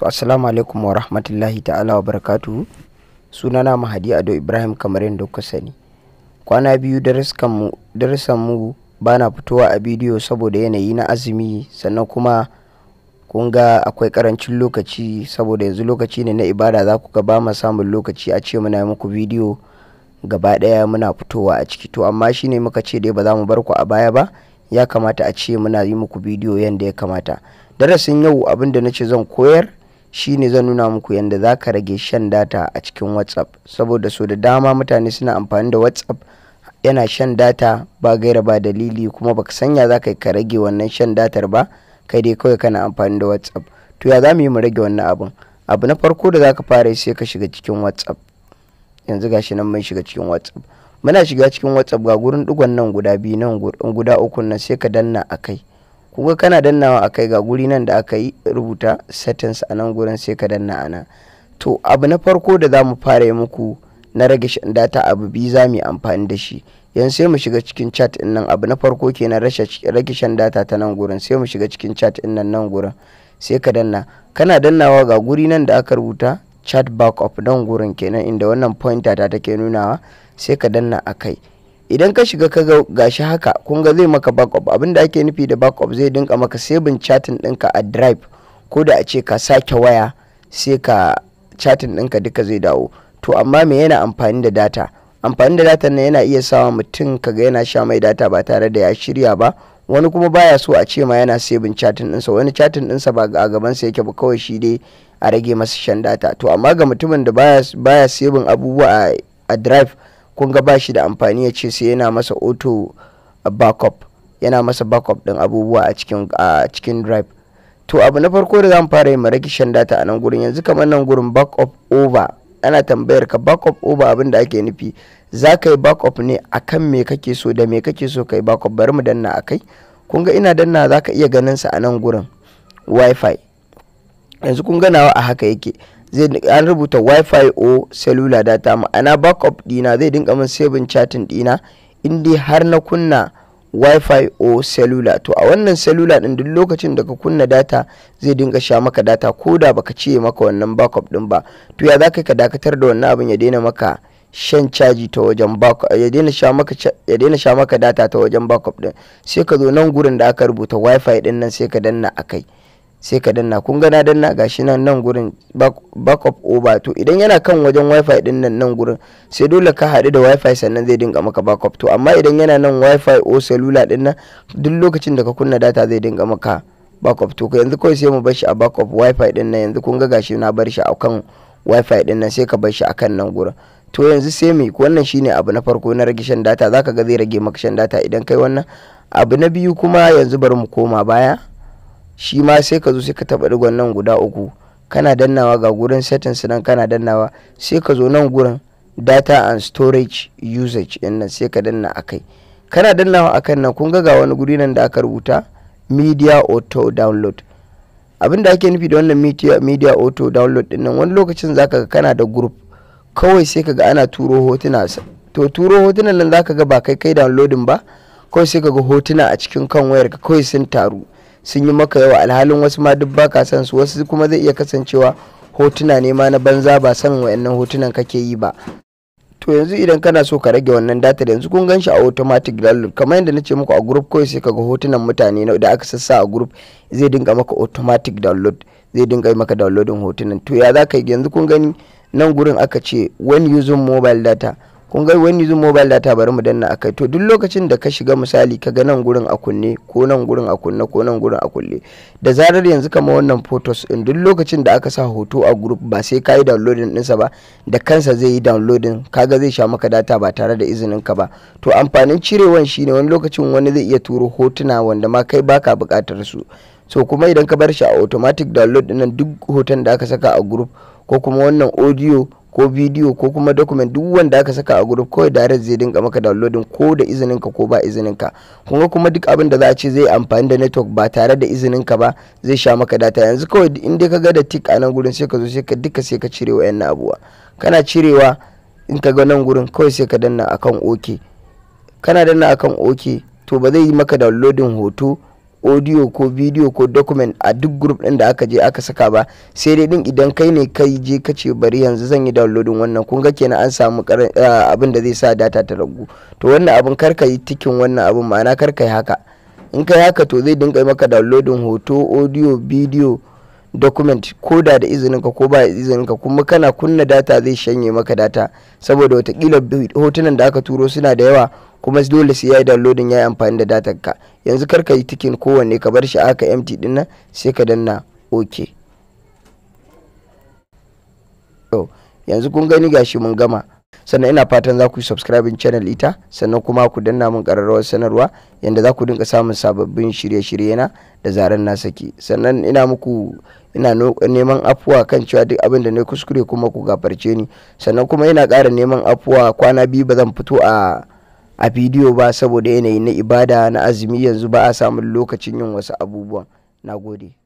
To assalamu alaikum wa rahmatullahi ta'ala wa barakatu Sunana Mahadi Ado Ibrahim kamar yadda kuka sani. Kwana biyu darussanmu mu bana fitowa a bidiyo saboda yanayi na azumi sannan kuma kun ga akwai karancin lokaci saboda yanzu lokaci ne na ibada za ku ga ba ma samun lokaci a ce muna muku bidiyo gaba daya muna fitowa a ciki to amma shine muka ce dai ba za mu bar ku a baya ba ya kamata a ce muna yi muku bidiyo yadda ya kamata darasin yau abin da na ce zan koyar shi ne zan nuna muku yadda za ka rage shan data a cikin whatsapp saboda so da dama mutane suna amfani da whatsapp yana shan data ba gaira ba dalili kuma baka sanya za ka ka rage wannan shan datar ba kai dai kawai kana amfani da whatsapp to ya za mu yi mu rage wannan abun abu na farko da za ka fara sai ka shiga cikin whatsapp yanzu gashi nan mun shiga cikin whatsapp muna shiga cikin whatsapp ga gurin digon nan guda biyu nan guda uku nan sai ka danna a kai kuka kana dannawa kai ga guri nan da aka yi rubuta settings a nan gurin sai ka danna ana to abu na farko da za mu fara yi muku na rage shan data abu biyu za mu yi amfani da shi yanzu sai mu shiga cikin chat din nan abu na farko kenan rage shan data ta nan gurin sai mu shiga cikin chat din nan nan gurin sai ka danna kana dannawa ga guri nan da aka rubuta chat backup nan gurin kenan inda wannan pointer ta take nunawa sai ka danna akai idan ka shiga ka ga shi haka kun ga zai maka backup abin da ake nufi da backup zai dinka maka sabin chatin dinka a drive ko da a ce ka sake waya sai ka chatin dinka duka zai dawo to amma me yana amfani da data amfani da data nan yana iya sawa mutum ga yana sha mai data ba tare da ya shirya ba wani kuma baya so a ce ma yana sabin chatin dinsa wani chatin sa ba a gaban sa yake ba kawai shi dai a rage masa shan data to amma ga mutumin da baya sabin abubuwa a drive kun ga ba shi da amfani ya ce sai yana masa auto backup yana masa backup din abubuwa a cikin a cikin drive to abu na farko da zan fara yi marakishan data a nan gurin yanzu kamar nan gurin backup over ana tambayar ka backup over abin da ake nufi za ka yi backup ne akan me kake so da me kake so ka yi backup bari mu danna akai kun ga ina danna za ka iya ganin sa a nan gurin wifi yanzu kun ganawa a haka yake an rubuta wifi o cellular data ma'ana backup dina zai dinka min saving chatting dina indai har na kunna wifi o cellular to a wannan cellular din duk lokacin da ka kunna data zai dinka sha maka data ko da baka ce maka wannan backup din ba to ya zaka ka dakatar da wannan abin ya daina maka shan caji ta wajen backup ya daina sha maka ya daina sha maka data ta wajen backup din sai ka zo nan gurin da aka rubuta wifi din nan sai ka danna akai sai ka danna kun gana na danna gashi nan nan gurin backup over to idan yana kan wajen wifi din nan nan gurin sai dole ka haɗu da wifi sannan zai dinga maka backup to amma idan yana nan wifi o cellular din nan duk lokacin da ka kunna data zai dinga maka backup to yanzu kawai sai mu bar shi a backup wifi din nan yanzu kun ga gashi na bar shi akan wifi din nan sai ka bar shi akan nan gurin to yanzu sai mu wannan shine abu na farko na rage shan data zaka ga zai rage maka shan data idan kai wannan abu na biyu kuma yanzu bari mu koma baya shi ma sai ka zo sai ka taba digon nan guda uku kana dannawa ga gurin settings nan kana dannawa sai ka zo nan gurin data and storage usage din sai ka danna akai kana dannawa akan nan kun ga ga wani guri nan da aka rubuta media auto download abin ake nufi da wannan media, media auto download din nan wani lokacin zaka ga kana da group kawai sai ka ga ana turo hotuna to turo hotunan nan zaka ga ba kai kai downloading ba kawai sai ka ga hotuna a cikin kan ka kawai sun taru sun yi maka yawa alhalin wasu ma duk baka san su wasu kuma zai iya kasancewa hotuna ne ma na banza ba san wayannan hotunan kake yi ba to yanzu idan kana so ka rage wannan data da yanzu kun gan shi a automatic download kamar yadda na ce muku a group kawai sai kaga hotunan mutane da aka sassa a group zai dinga maka automatic download zai dinga maka downloading hotunan to ya za ka yi yanzu kun gani nan gurin aka ce when using mobile data kun ga wani zun mobile data bari mu danna akai to duk lokacin da ka shiga misali ka ga nan gurin a kunne ko nan gurin a kunne ko nan gurin a kulle da zarar yanzu kama wannan photos din duk lokacin da aka sa hoto a group ba sai ka yi downloading sa ba da kansa zai yi downloading kaga zai sha maka data ba tare da izinin ka ba to amfanin cirewan shine wani lokacin wani zai iya turo hotuna wanda ma kai baka bukatar su so kuma idan ka bar shi a automatic download nan duk hoton da aka saka a group ko kuma wannan audio ko bidiyo ko kuma dokumen duk wanda aka saka a group kawai direct zai dinga maka downloading ko da izininka ko ba izininka kuma kuma duk abin da za a ce zai amfani da network ba tare da izininka ba zai sha maka data yanzu kawai in dai ka ga da tick a nan gurin sai ka zo sai ka duka sai ka cire wa yan abuwa kana cirewa in ka ga nan gurin kawai sai ka danna akan ok kana danna akan ok to ba zai yi maka downloading hoto audio ko video ko document a duk group ɗin da aka je aka saka ba sai dai din idan kai ne kai je ka ce bari yanzu zan yi downloading wannan kun ga kenan an samu abin da zai sa data ta ragu to wannan abin kar ka yi tikin wannan abin ma'ana kar ka yi haka in ka haka to zai dinga maka downloading hoto audio video document ko da da izinin ka ko ba izinin ka kuma kana kunna data zai shanye maka data saboda watakila hotunan da aka turo suna da yawa kuma dole sai yayi downloading yayi amfani da datar ka yanzu kar ka yi tikin kowanne ka bar shi aka empty din sai ka danna ok to yanzu kun gani gashi mun gama sannan ina fatan za ku yi subscribing channel ita sannan kuma ku danna mun kararrawar sanarwa yanda za ku dinka samun sababbin shirye-shirye na da zaren na saki sannan ina muku ina neman afuwa kan cewa duk abin da na kuskure kuma ku gafarce ni sannan kuma ina ƙara neman afuwa kwana biyu ba zan fito a a bidiyo ba saboda yanayi na ibada na azumi yanzu ba a samun lokacin yin wasu abubuwan na gode